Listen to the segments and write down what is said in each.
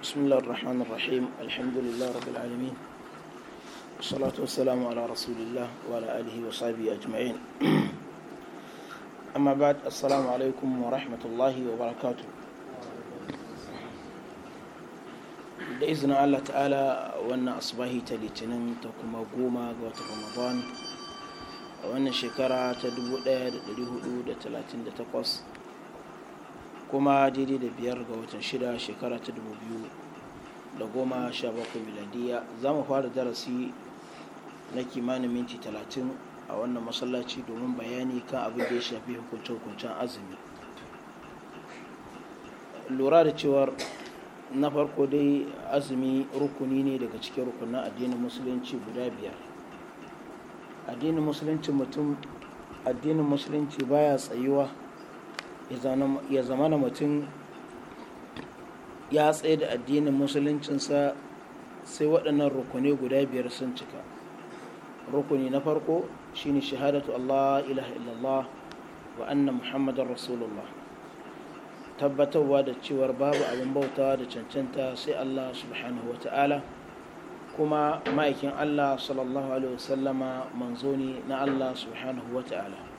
بسم الله الرحمن الرحيم الحمد لله رب العالمين والصلاة والسلام على رسول الله وعلى آله وصحبه أجمعين أما بعد السلام عليكم ورحمة الله وبركاته بإذن الله تعالى وأن أصبحي تلتنم تقوم قوما قوات رمضان وأن شكرا تدبو دير لهدو تلاتين دتقص kuma daidai da biyar ga watan shida shekara ta dubu biyu da goma sha bakwai miladiya za mu fara darasi na kimanin minti talatin a wannan masallaci domin bayani kan abin da ya shafi hukuncin hukuncen azumi lura da cewar na farko dai azumi rukuni ne daga cikin rukunan addinin musulunci guda biyar addinin musulunci mutum addinin musulunci baya tsayuwa ya zama na mutum ya tsaye da addinin musuluncinsa sai waɗannan rukuni guda biyar sun cika rukuni na farko shine shahadatu Allah ilaha illallah wa anna muhammadar rasulullah tabbatarwa da cewar babu abin bauta da cancanta sai Allah subhanahu wa ta'ala kuma ma'aikin Allah sallallahu alaihi wasallama manzoni na Allah subhanahu wa ta'ala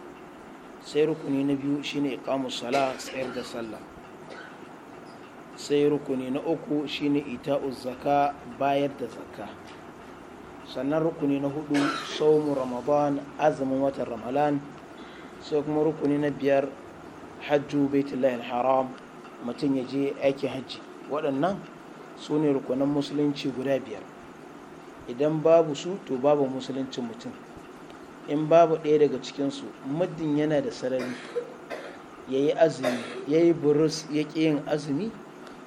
sai rukuni na biyu shine iqamus sala tsayar da sallah sai rukuni na uku shine ita'uz zaka bayar da zakka sannan rukuni na hudu saumu ramadan azumin watan ramadan sai kuma rukuni na biyar hajju baitullahi haram mutum ya je aikin hajji waɗannan su ne rukunan musulunci guda biyar idan babu su to babu musuluncin mutum in babu ɗaya daga cikinsu muddin yana da sarari ya yi azumi ya yi burus ya ƙi yin azumi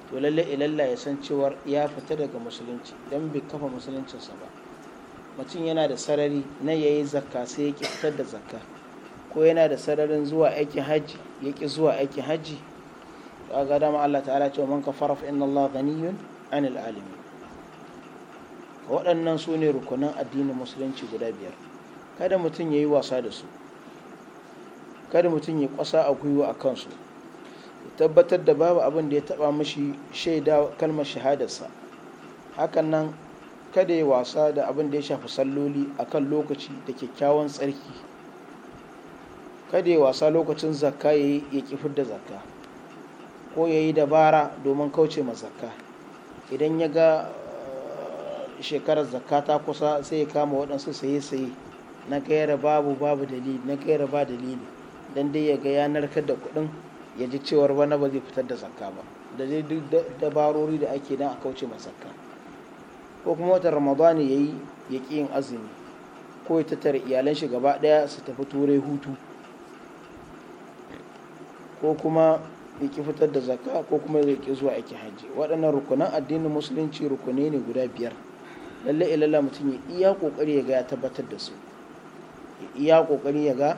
to lalle ilalla ya san cewar ya fita daga musulunci don bai kafa musuluncinsa ba mutum yana da sarari na ya yi zakka sai ya ƙi fitar da zakka ko yana da sararin zuwa aikin hajji ya ƙi zuwa aikin hajji to ga dama Allah ta'ala cewa man kafara fa inna Allah ghaniyun anil alamin waɗannan su ne rukunan addinin musulunci guda biyar kada mutum ya yi wasa da su kada mutum ya kwasa a gwiwa a kansu tabbatar da babu abin da ya taba mashi shaida kalmar shahadarsa hakan nan kada ya wasa da abin da ya shafi salloli a kan lokaci da kyakkyawan tsarki kada ya wasa lokacin zakka ya yi ya kifar da zakka ko ya yi dabara domin kauce ma zakka idan ya ga eh, shekarar zakka ta kusa sai ya kama waɗansu saye-saye na gaira babu babu dalili na gaira ba dalili dan dai yaga ga ya narkar da kuɗin ya ji cewar wani ba zai fitar da zakka ba da zai duk dabarori da ake dan a kauce ma zakka ko kuma wata ramadani ya yi ya ƙi yin azumi ko ya tattara iyalan shi gaba ɗaya su tafi turai hutu ko kuma ya ƙi fitar da zakka ko kuma ya ƙi zuwa aiki hajji waɗannan rukunan addinin musulunci rukunai ne guda biyar lallai ilalla mutum ya iya ƙoƙari ya ga ya tabbatar da su ya kokari ya ga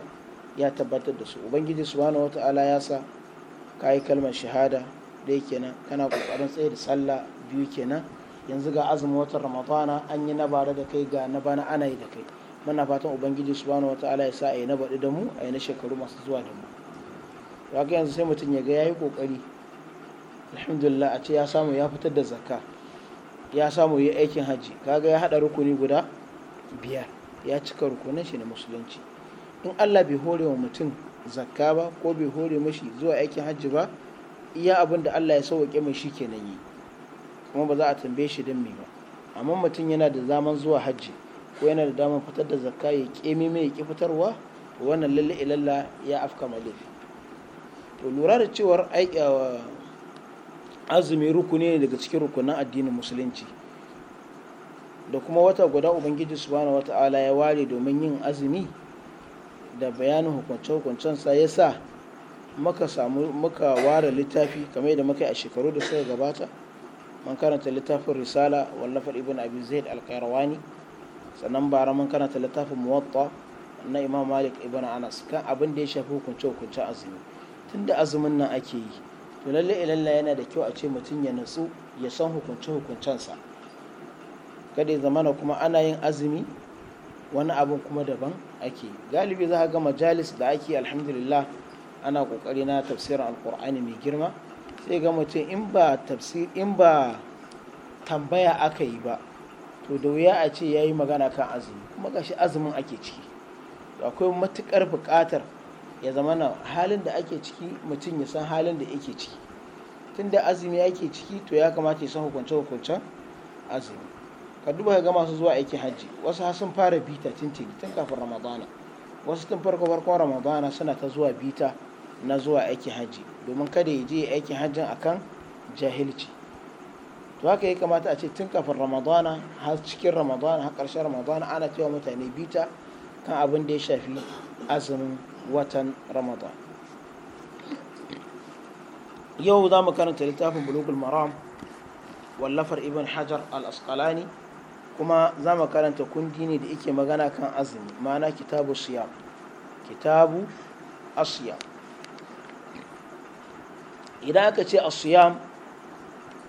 ya tabbatar da su ubangiji subhanahu wata'ala ya sa kayi kalmar shahada dai kenan kana kokarin tsaye da sallah biyu kenan yanzu ga azumin watan ramadana an yi na da kai ga na bana ana yi da kai mana fatan ubangiji subhanahu wata'ala ya sa a yi na baɗi da mu a yi na shekaru masu zuwa da mu haka yanzu sai mutum ya ga ya yi kokari alhamdulillah a ce ya samu ya fitar da zakka ya samu ya aikin hajji kaga ya haɗa rukuni guda biyar ya cika rukunan shi na musulunci in allah bai hore wa mutum zakka ba ko bai hore mashi zuwa aikin hajji ba iya abin da allah ya sauwaƙe mai shi kenan yi kuma ba za a tambaye shi don me ba amma mutum yana da zaman zuwa hajji ko yana da damar fitar da zakka ya ƙemi mai ya ƙi fitarwa to wannan lalle ilalla ya afka laifi to lura da cewar azumi rukuni ne daga cikin rukunan addinin musulunci da kuma wata guda ubangiji subhanahu wata'ala ya ware domin yin azumi da bayanin hukunce-hukuncen ya sa muka samu muka ware littafi kamar da muka yi a shekaru da suka gabata mun karanta littafin risala wallafar ibn abi zaid al-qayrawani sannan bara mun karanta littafin muwatta na imam malik ibn anas kan abin da ya shafi hukunce-hukuncen azumi tunda azumin nan ake yi to lalle ilalla yana da kyau a ce mutum ya natsu ya san hukunce-hukuncensa kada ya zamana kuma ana yin azumi wani abin kuma daban ake galibi za a ga majalis da ake alhamdulillah ana kokari na tafsirin alkur'ani mai girma sai ga mutum in ba tafsir in ba tambaya aka yi ba to da wuya a ce ya yi magana kan azumi kuma gashi azumin ake ciki akwai matukar buƙatar ya zamana halin da ake ciki mutum ya san halin da yake ciki tunda azumi yake ciki to ya kamata ya san hukunce-hukuncen azumi ka duba ga masu zuwa aikin hajji wasu sun fara bita tun tun kafin ramadana wasu tun farko farkon ramadana suna ta zuwa bita na zuwa aikin hajji domin kada ya je aikin hajjin akan jahilci to haka ya kamata a ce tun kafin ramadana har cikin ramadana har ƙarshen ramadana ana cewa mutane bita kan abin da ya shafi azumin watan ramadan yau za mu karanta littafin bulugul maram wallafar ibn hajar al-asqalani kuma za mu karanta kundi ne da yake magana kan azumi ma'ana kitabu siya kitabu asiya idan aka ce asiya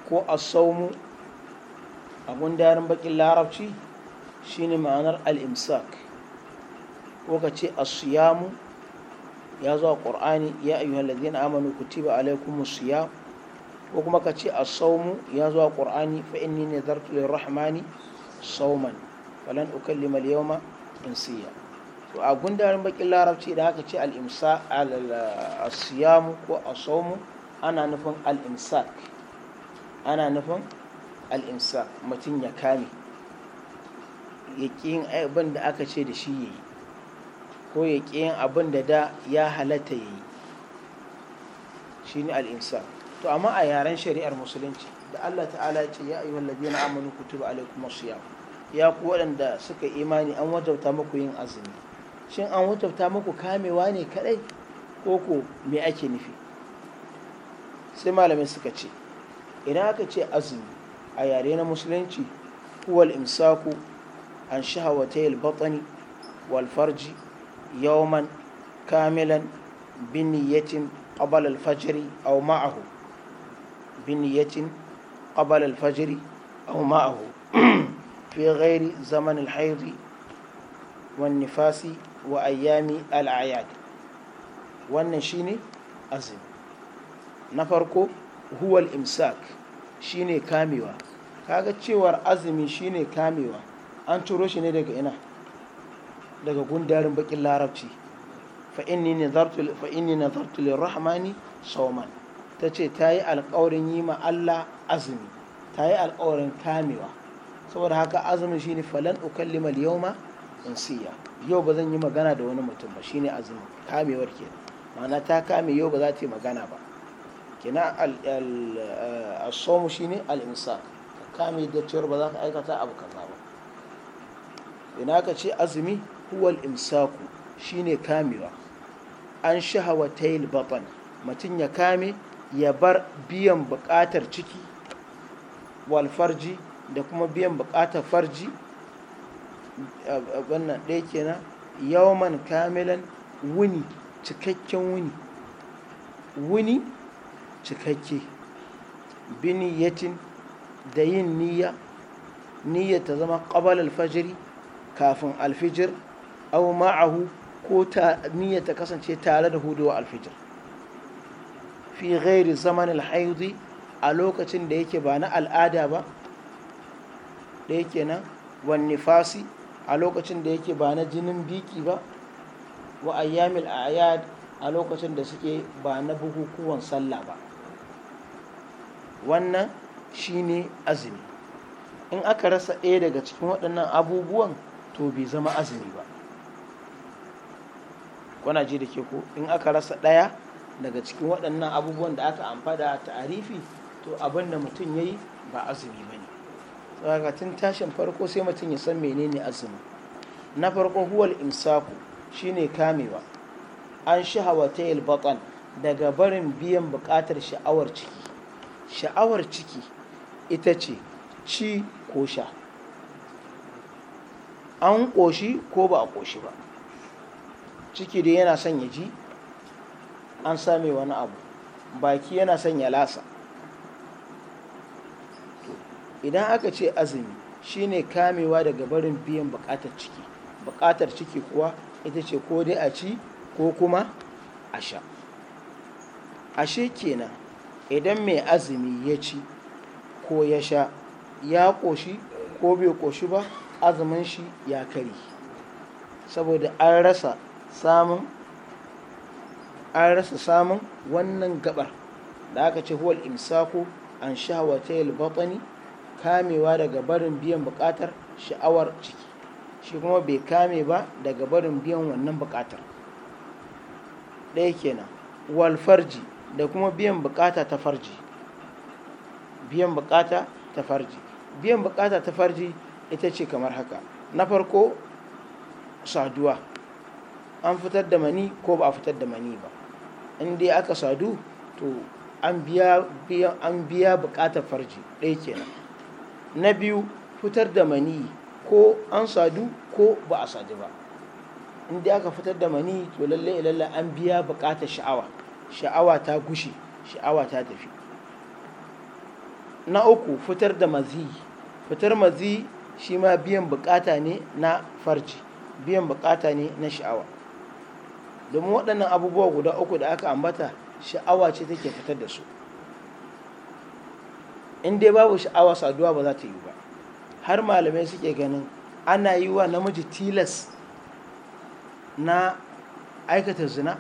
ko asaumu abun darin bakin larabci shine ma'anar al-imsak ko ka ce asiyamu ya zuwa ƙur'ani ya ayyuhal ladina amanu kutiba alaikumus siya. ko kuma ka ce asaumu ya zuwa ƙur'ani fa inni nadartu lirrahmani sauman falan ukallima al insiya to a gundarin bakin larabci da haka ce al-imsa al-asiyam ko asawmu ana nufin al ana nufin al mutum ya kame ya yin abin da aka ce da shi ya yi ko ya yin abin da da ya halatta ya yi shi ne al'insa to amma a yaren shari'ar musulunci da Allah ta'ala ya ce ya ayyuhal ladina amanu kutuba alaikum su siyam ya ku waɗanda suka imani an wajabta muku yin azumi shin an wajabta muku kamewa ne kadai ko ko me ake nufi sai malamai suka ce idan aka ce azumi a yare na musulunci huwal imsaku an shahawatayil batani wal farji yawman kamilan biniyatin qabla al-fajr aw ma'ahu biniyatin قبل الفجر أو معه في غير زمن الحيض والنفاس وأيام الأعياد wannan shine azumi na farko huwal imsak shine kamewa kaga cewar azumi shine kamewa an turo shi ne daga ina daga gundarin bakin larabci fa inni nazartu lirrahmani sawman ta ce ta yi alkawarin yi ma Allah azumi ta yi alkawarin kamewa saboda haka azumi shine falan ma in siya yau ba zan yi magana da wani mutum ba shine azumi kamewar ke ma'ana ta kame yau ba za ta yi magana ba kina al-sawm eh, shine al ka kame da cewar ba za ka aikata abu kaza ba ina ka ce azumi huwal imsaku shine kamewa an shahawa shahawatayil batan mutum ya kame ya bar biyan bukatar ciki wal da kuma biyan bukatar farji wannan ɗaya kenan yawman kamilan wuni cikakken wuni wuni cikakke biniyatin da yin niyya niyya ta zama ƙabal alfajiri kafin alfijir au ma'ahu ko niyya ta kasance tare da hudewa alfijir fi ghairi zaman alhaidi a lokacin da yake ba na al'ada ba da yake nan wan nifasi a lokacin da yake ba na jinin biki ba wa ayyamil ayad a lokacin da suke ba na bukukuwan sallah ba wannan shine azumi in aka rasa ɗaya daga cikin waɗannan abubuwan to bai zama azumi ba kuna ji da ke ko in aka rasa ɗaya daga cikin waɗannan abubuwan da aka amfada ta arifi to abin da mutum ya yi ba azumi ba ne tsaka tashin farko sai mutum ya san menene azumi na farko huwal imsaku shine kamewa an shahawa ta batan daga barin biyan buƙatar sha'awar ciki sha'awar ciki ita ce ci ko sha an ƙoshi ko ba a ƙoshi ba ciki dai yana son ya ji an same wani abu baki yana son ya lasa idan aka ce azumi shine kamewa daga barin biyan bukatar ciki bukatar ciki kuwa ita ce ko dai a ci ko kuma a sha ashe kenan idan mai azumi ya ci ko ya sha ya ƙoshi ko bai ƙoshi ba azumin shi ya kari saboda an rasa samun an rasa samun wannan gabar da aka ce huwal imsaku an yal batani kamewa daga barin biyan bukatar sha'awar ciki shi kuma bai kame ba daga barin biyan wannan bukatar ɗaya kenan wal farji da kuma biyan bukata ta farji biyan bukata ta farji biyan bukata ta farji ita ce kamar haka na farko saduwa an fitar da mani ko ba a fitar da mani ba in dai aka sadu to an biya bukatar farji ɗaya kenan na biyu fitar da mani ko an sadu ko ba a sadu ba in dai aka fitar da mani to lalle lalle an biya bukatar sha'awa sha'awa ta gushe sha'awa ta tafi na uku fitar da mazi fitar mazi shi ma biyan bukata ne na farji biyan bukata ne na sha'awa domin waɗannan abubuwa guda uku da aka ambata sha'awa ce take fitar da su in dai babu sha'awa saduwa ba za ta yi ba har malamai suke ganin ana yi wa namiji tilas na aikata zina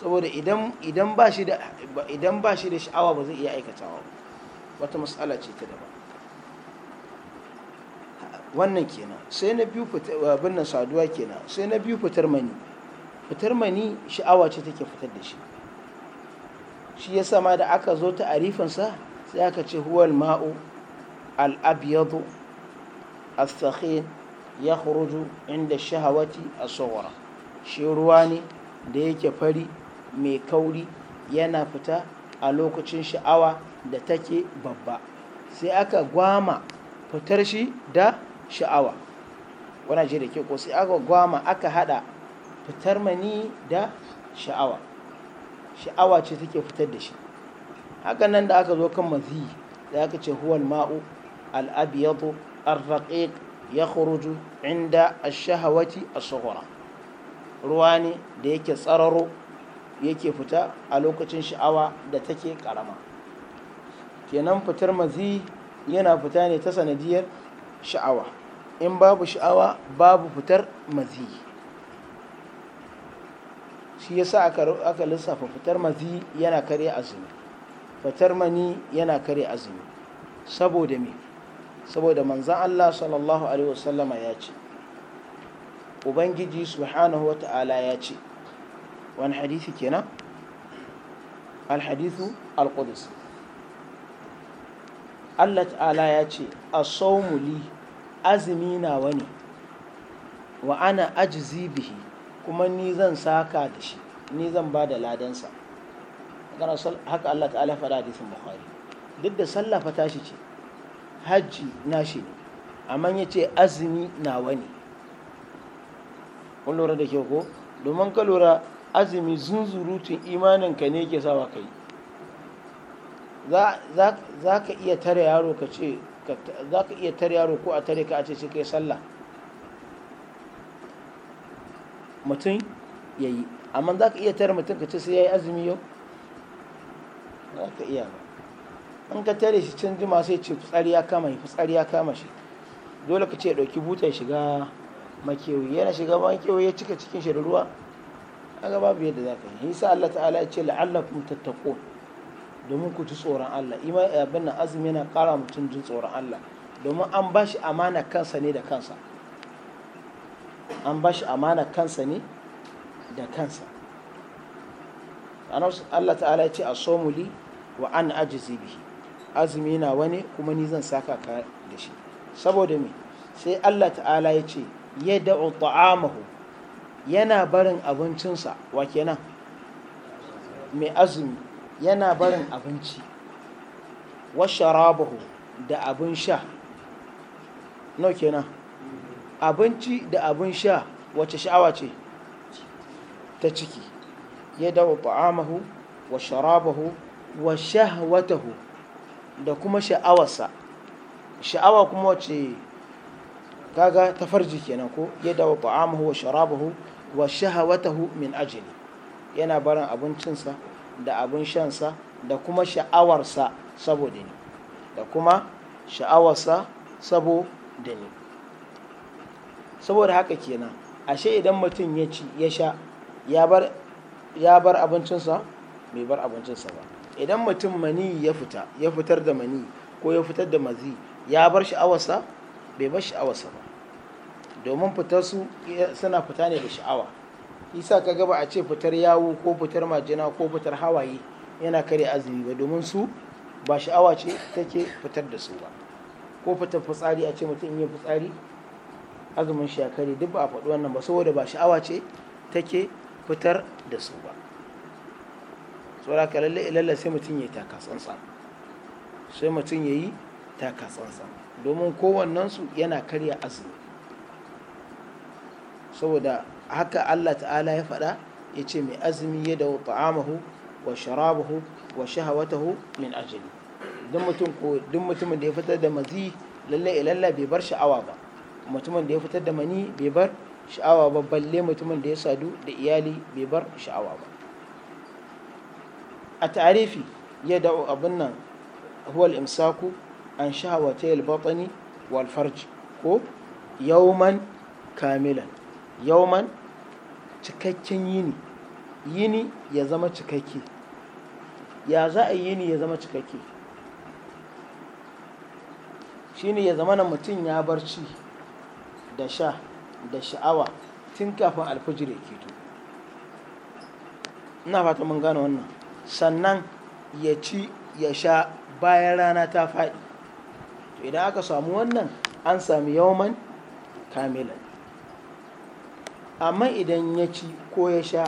saboda idan ba shi da sha'awa ba zai iya aikatawa wata matsala ce ta daban wannan kenan sai na biyu fitar saduwa kenan sai na biyu fitar mani fitar mani sha'awa ce take fitar da shi shi ya sama da aka zo ta arifinsa sai aka ce huwal ma'u al'abiyadu al ya huruju inda shahawati a tsawara shi ruwa ne da yake fari mai kauri yana fita a lokacin sha'awa da take babba sai aka gwama fitar shi da sha'awa wana ji da ke ko sai aka gwama aka hada fitar mani da sha'awa sha'awa ce take fitar da shi haka nan da aka zo kan mazi da aka ce huwal ma'u al-abyadu ar-raqiq inda ash-shahawati as-sughra ruwa ne da yake tsararo yake fita a lokacin sha'awa da take ƙarama. kenan fitar mazi yana fita ne ta sanadiyar sha'awa in babu sha'awa babu fitar mazi shi sa aka lissafa fitar mazi yana kare azumi fitar mani yana kare azumi saboda me saboda manzan Allah sallallahu alaihi wasallama ya ce ubangiji subhanahu wata'ala ya ce wani hadithi kenan alhadithu alqudus Allah ta'ala ya ce a saumuli azumi na wani wa ana ajizi bihi kuma ni zan saka da shi ni zan ba da ladansa haka Allah ta'ala da sun bukhari duk da sallah fa tashi ce hajji nashi ne amma ya ce azumi na wani. kun lura da ke ko domin ka lura azumi zunzurutun imanin ka ne ke sawa kai za ka iya tare yaro ka ce za ka iya tare yaro ko a tare ka a ce shi kai sallah mutum ya yi amma za ka iya tare mutum ka ce sai ya yi azumi yau za ka iya ba in ka tare shi can jima sai ce fitsari ya kama shi fitsari ya kama shi dole ka ce ɗauki butan shiga makewi yana shiga makewi ya cika cikin shi da ruwa aga babu yadda za ka yi nisa Allah ta'ala ya ce la'allakum tattako domin ku ji tsoron Allah ima abin nan azumi yana kara mutum jin tsoron Allah domin an ba shi amana kansa ne da kansa an bashi amana kansa ne da kansa Allah ta'ala ya ce a somuli wa an ajizi bihi azumi na wani kuma ni zan saka ka da shi saboda me sai Allah ta'ala ya ce yadda ta'amahu yana barin abincinsa wa kenan mai azumi yana barin abinci wa sharabahu da abin sha nau kenan abinci da abin sha wace sha'awa ce ta ciki ya dawo ta'amahu wa sharabahu wa shahwatahu da kuma sha'awarsa sha'awa kuma wace kaga ta farji kenan ko ya dawo ta'amahu wa sharabahu wa shahawatahu min ajili yana barin abincinsa da abin shansa da kuma sha'awarsa saboda ne da kuma sha'awarsa saboda ne. saboda haka kenan ashe idan mutum ya ci ya sha ya bar abincinsa bai bar abincinsa ba idan mutum mani ya fita ya fitar da mani ko ya fitar da mazi ya bar sha'awarsa bai bar sha'awarsa ba domin fitar su suna fita ne da sha'awa isa ka gaba a ce fitar yawo ko fitar majina ko fitar hawaye yana kare azumi ba domin su ba sha'awa ce take fitar da su ba ko fitar fitsari a ce mutum in fitsari azumin shi ya kare duk ba a faɗi wannan ba saboda ba sha'awa ce take fitar da su ba tsora ka lalle ilalla sai mutum ya yi taka tsantsan sai mutum ya yi taka tsantsan domin kowannensu yana karya azumi saboda haka Allah ta'ala ya faɗa ya ce mai azumi ya da ta'amahu wa sharabahu wa shahawatahu min ajali duk mutum da ya fitar da mazi lalle ilalla bai bar sha'awa ba mutumin da ya fitar da mani bai bar sha'awa ba balle mutumin da ya sadu da iyali bai bar sha'awa ba a ta'arifi ya da'u abin nan huwal imsaku an sha'awa ta yalbatani wal farj ko yauman kamilan yauman cikakken yini yini ya zama cikakke ya za a yini ya zama cikakke shine ya zama na mutum ya barci da sha da sha'awa tun kafin alfijir ya keto ina fata mun gane wannan sannan ya ci ya sha bayan rana ta faɗi idan aka samu wannan an sami yawman kamilan amma idan ya ci ko ya sha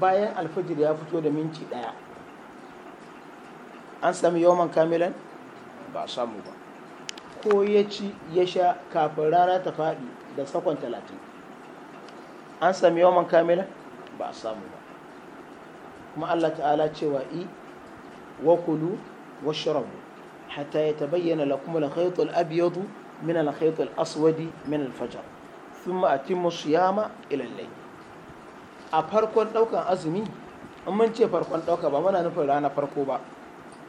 bayan alfijir ya fito da minti ɗaya an sami yawman kamilan ba samu ba ko ya ci ya sha kafin rana ta faɗi da sakon talatin an sami yawan kamila ba a samu ba kuma allah ta'ala cewa i wa kulu wa shirabu hatta ya tabayyana la kuma khayt al-abyad min al-khayt al-aswad min al-fajr thumma atimmu siyama ila a farkon ɗaukan azumi in mun ce farkon ɗauka ba muna nufin rana farko ba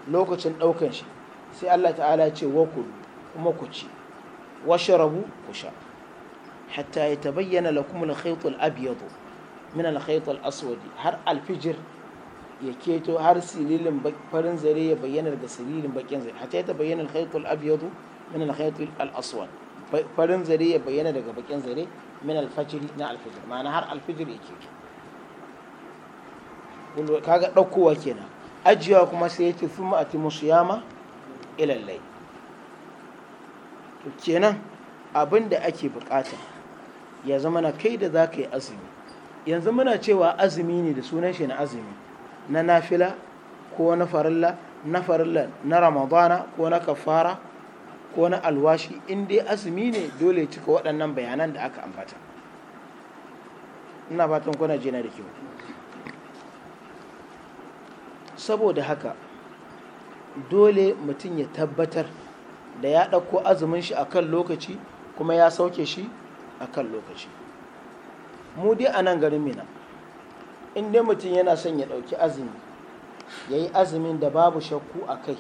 lokacin ɗaukan shi sai Allah ta'ala ce wa kulu kuma ku ci washrabu ku sha hatta yatabayyana lakum al-khayt al-abyad min al-khayt al har alfijir ya keto har sililin farin zare ya bayyana daga sililin bakin zare hatta yatabayyana al-khayt al-abyad min al-khayt al-aswad farin zare ya bayyana daga bakin zare min al-fajr na al-fajr ma'ana har al-fajr ya keto kaga daukowa kenan ajiya kuma sai yace thumma atimu musu ila al-layl to kenan abin da ake bukata ya zama na kai da za ka yi azumi yanzu muna cewa azumi ne da sunan shi na azumi na nafila ko na farilla na farilla na ramadana ko na kafara ko na alwashi in dai azumi ne dole cika waɗannan bayanan da aka ambata ina fatan kuna jina da kyau saboda haka dole mutum ya tabbatar da ya ɗauko azumin shi a kan lokaci kuma ya sauke shi a kan lokaci mu dai a nan garin mina in dai mutum yana son ya ɗauki azumi ya yi azumin da babu shakku a kai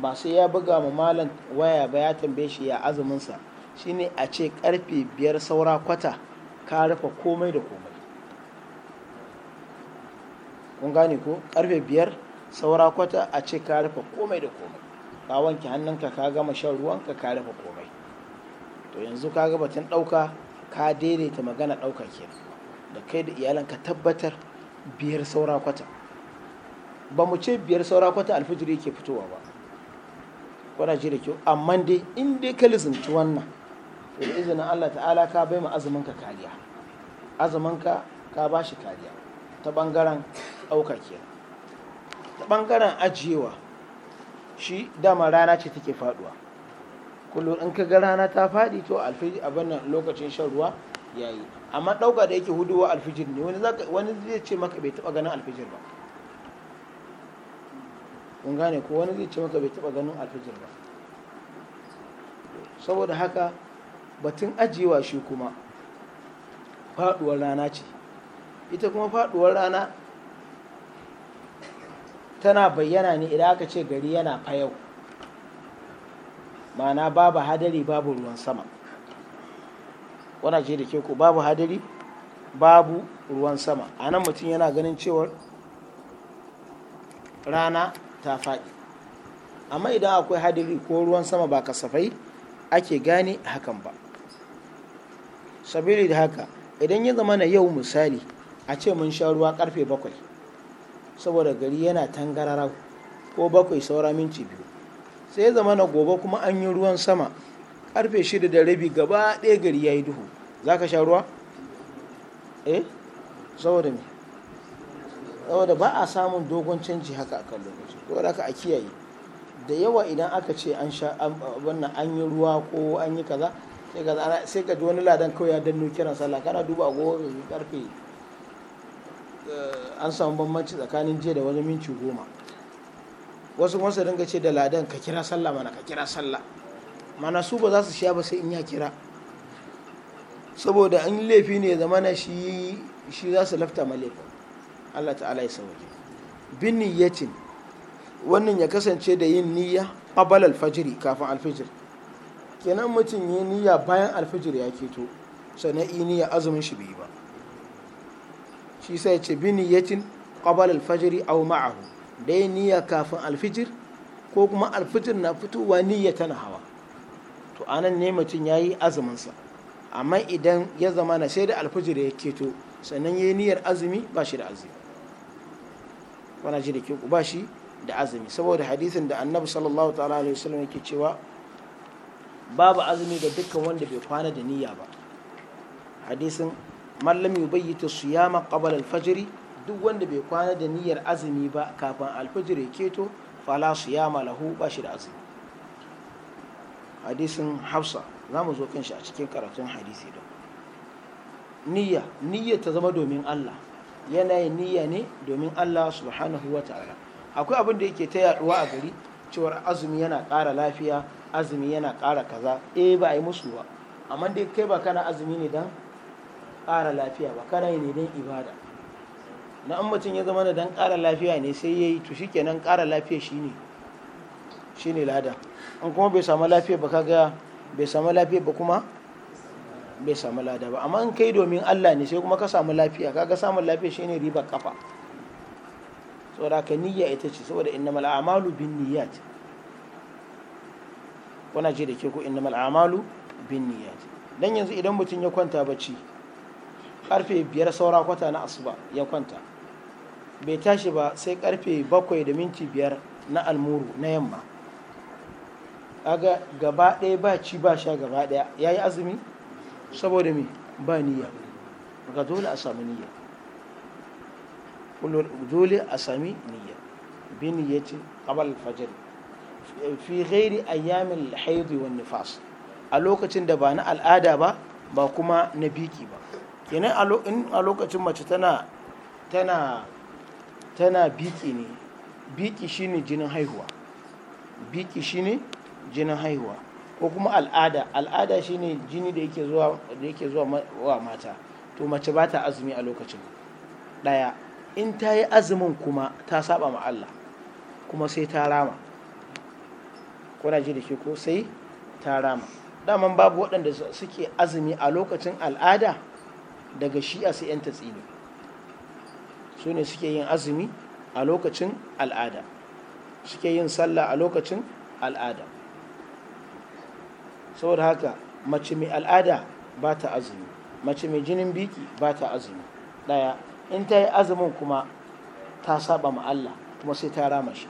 ba sai ya buga ma malam waya ba ya tambaye shi ya azuminsa shine a ce karfe biyar saura kwata ka rufe komai da komai kun gane ko karfe biyar saura kwata a ce ka rufe komai da komai ka wanke hannunka ka gama shan ruwan ka rufe komai to yanzu ka ga batun ɗauka ka daidaita magana ɗauka ke da kai da iyalan ka tabbatar biyar saura kwata ba mu ce biyar saura kwata alfijir yake fitowa ba kwana ji da kyau amma dai in dai ka lizinci wannan da izinin Allah ta'ala ka bai ma azuminka kariya azuminka ka ba shi kariya ta bangaren ɗauka ke ta bangaren ajiyewa shi dama rana ce take faduwa kullum in ka ga rana ta faɗi to alfijir abin nan lokacin shan ruwa ya yi amma ɗauka da yake huduwa alfijir ne wani zai ce maka bai taba ganin alfijir ba kun gane ko wani zai ce maka bai taɓa ganin alfijir ba saboda haka batun ajiyewa shi kuma faɗuwar rana ce ita kuma faɗuwar rana tana bayyana ne idan aka ce gari yana fayau ma'ana babu hadari babu ruwan sama wana ce da ke ku babu hadari babu ruwan sama a nan mutum yana ganin cewar rana ta faɗi amma idan akwai hadari ko ruwan sama ba kasafai ake gane hakan ba sabili da haka idan ya zama na yau misali a ce mun sha ruwa karfe bakwai saboda gari yana tangararau ko bakwai saura minti biyu sai zama na gobe kuma an yi ruwan sama karfe shida da rabi gaba ɗaya gari ya yi duhu za ka sha ruwa? eh saboda me saboda ba a samun dogon canji haka akan lokaci da ka a kiyaye da yawa idan aka ce an sha wannan an yi ruwa ko an yi kaza sai ka ji wani ladan kawai ya danno kiran sallah kana duba a agogo karfe Eh, an samu bambanci tsakanin jiya da wani minci goma wasu kuma dinga ce da ladan ka kira sallah mana ka kira sallah mana su ba za su sha ba sai in ya kira saboda an laifi ne zama na shi shi za su lafta ma laifin Allah ta'ala ya sauke bin niyyatin wannan ya kasance da yin niyya qabal alfajiri kafin alfijir kenan mutum yi niyya bayan alfijir ya keto sannan yi niyya azumin shi bai ba shi sai ce bi niyyatin qabal al-fajr aw ma'ahu dai niyya kafin alfijir ko kuma alfijir na fitowa niyya tana hawa to anan ne mutum yayi azumin sa amma idan ya zama na sai da alfijir ya keto sannan yayi niyyar azumi ba shi da azumi wana ji da ke ku ba shi da azumi saboda hadisin da annabi sallallahu ta'ala alaihi wasallam yake cewa babu azumi ga dukkan wanda bai kwana da niyya ba hadisin mallam ta siyama yama al-fajr duk wanda bai kwana da niyyar azumi ba kafin al-fajr ya keto fala siyama lahu ba shi da azumi hadisin Hafsa mu zo kan a cikin karatun hadisi da niyya niyya ta zama domin Allah yanayin niyya ne domin Allah subhanahu huwa ta'ala akwai abin da yake ta yaduwa a gari cewar azumi yana ƙara lafiya azumi yana kara kaza eh ba a yi musu ba amma dai kai ba kana azumi ne dan ƙara lafiya ba kana yi ne don ibada na an mutum ya zama da don ƙara lafiya ne sai ya yi to shi kenan ƙara lafiya shi ne shi ne lada an kuma bai samu lafiya ba kaga bai samu lafiya ba kuma bai samu lada ba amma in kai domin Allah ne sai kuma ka samu lafiya kaga samun lafiya shi ne riba kafa saboda ka niyya ita ce saboda innamal a'malu bin niyyat wana ce da ke ko innamal a'malu bin niyyat dan yanzu idan mutum ya kwanta bacci karfe biyar saura kwata na asuba ya kwanta bai tashi ba sai karfe bakwai da minti biyar na almuru na yamma aga gaba ɗaya ba ci ba sha gaba ɗaya ya yi azumi saboda mi ba niyya ga dole a sami niyya dole a sami niyya bi niyyatin kabal fajar fi ghairi ayyamin haidu wan nifas a lokacin da ba na al'ada ba ba kuma na biki ba kenan a lokacin mace tana tana tana biki ne biki shine jinin haihuwa biki shine jinin haihuwa ko kuma al'ada al'ada shine jini da yake zuwa da yake zuwa wa mata to mace ba ta azumi a lokacin daya in ta yi azumin kuma ta saba ma Allah kuma sai ta rama kuna ji da ke ko sai ta rama daman babu waɗanda suke azumi a lokacin al'ada daga shi'a sai 'yan tatsini su ne suke yin azumi a lokacin al'ada suke yin sallah a lokacin al'ada saboda haka mace mai al'ada ba ta azumi mace mai jinin biki ba ta azumi ɗaya in ta yi azumin kuma ta saba ma Allah kuma sai ta rama shi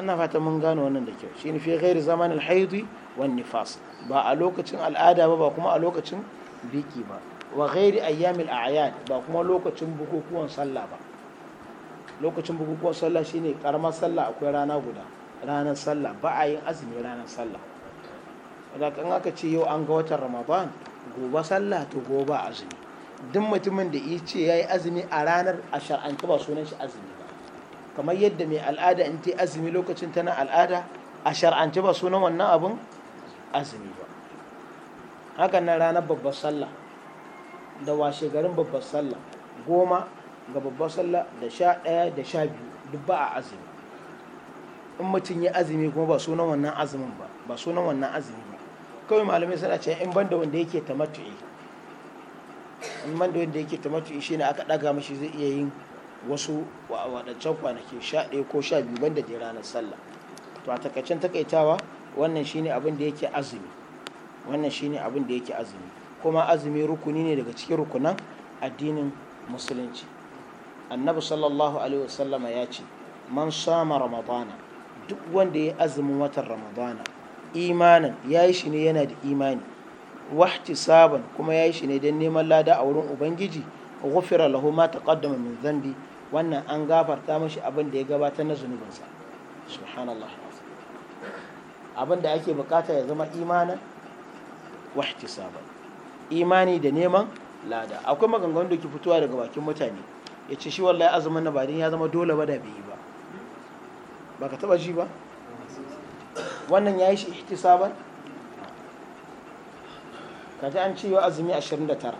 ina fata mun gano wannan da kyau shi ne fi ghairi zamanin alhaidi wani nifas ba a lokacin al'ada ba ba kuma a lokacin biki ba wa ghairi ayyamil a'yad ba kuma lokacin bukukuwan sallah ba lokacin bukukuwan sallah shine karamar sallah akwai rana guda ranar sallah ba a yin azumi ranar sallah da kan aka ce yau an ga watan ramadan gobe sallah to gobe azumi duk mutumin da ya ce ya yi azumi a ranar a shar'anta ba sunan shi azumi ba kamar yadda mai al'ada in ta azumi lokacin tana al'ada a shar'anta ba sunan wannan abin azumi ba hakan nan ranar babbar sallah da washe garin babbar sallah goma ga babbar sallah da sha ɗaya da sha biyu duk ba a azumi in mutum ya azumi kuma ba sunan wannan azumin ba ba sunan wannan azumi ba kawai malamai suna ce in banda wanda yake matu’i in banda wanda yake tamattu'i shine aka daga mashi zai iya yin wasu wadancan kwanaki sha ɗaya ko sha biyu banda da ranar sallah to a takaicen takaitawa wannan shine abin da yake azumi wannan shine abin da yake azumi kuma azumi rukuni ne daga cikin rukunan addinin musulunci annabi sallallahu alaihi wasallama ya ce man sama ramadana duk wanda ya azumin watan ramadana imanin ya yi shi ne yana da imani wahti saban kuma ya yi shi ne don neman lada a wurin ubangiji gufira lahu ma taqaddama min zambi. wannan an gafarta mashi abin da ya gabata na zunubinsa subhanallah abin da ake bukata ya zama imanin wahtisaban imani da neman lada akwai maganganu da ke fitowa daga bakin mutane ya ce shi wallahi azumin na badin ya zama dole ba da bai yi ba ba ka taba ji ba wannan ya yi shi ihtisaban kaji an ce yau azumi 29 ya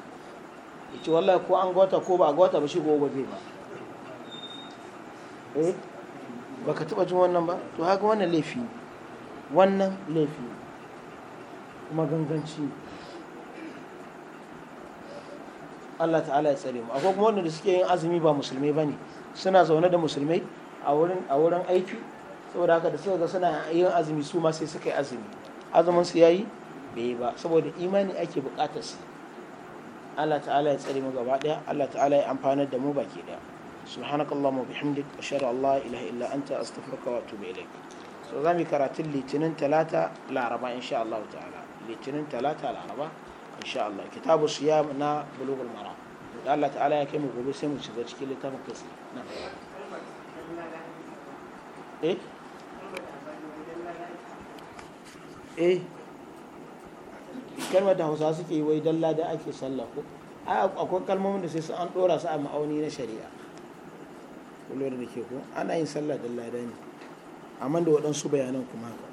ce wallahi ko an gota ko ba a gota ba shi ko ba zai ba eh ba ka taba ji wannan ba to haka wannan laifi wannan laifi kuma ganganci Allah ta'ala ya tsare mu akwai kuma wanda suke yin azumi ba musulmai ne suna zaune da musulmai a wurin a wurin aiki saboda haka da suka suna yin azumi su ma sai suka yi azumi azumin su yayi bai yi ba saboda imani ake bukatar su Allah ta'ala ya tsare mu gaba daya Allah ta'ala ya amfanar da mu baki daya subhanakallahumma bihamdik ashhadu an la ilaha illa anta astaghfiruka wa atubu ilaik so zamu karatun litinin talata laraba insha Allah ta'ala litinin talata laraba insha Allah kitabu siyam na bulugul mara da Allah ta'ala ya kai mu gobe sai mu shiga cikin littafin kai na eh eh kalmar da hausa suke yi wai dalla da ake sallah ko akwai kalmomin da sai su an dora su a ma'auni na shari'a kullum da ke ko ana yin sallah dalla da ne amma da waɗansu bayanan kuma haka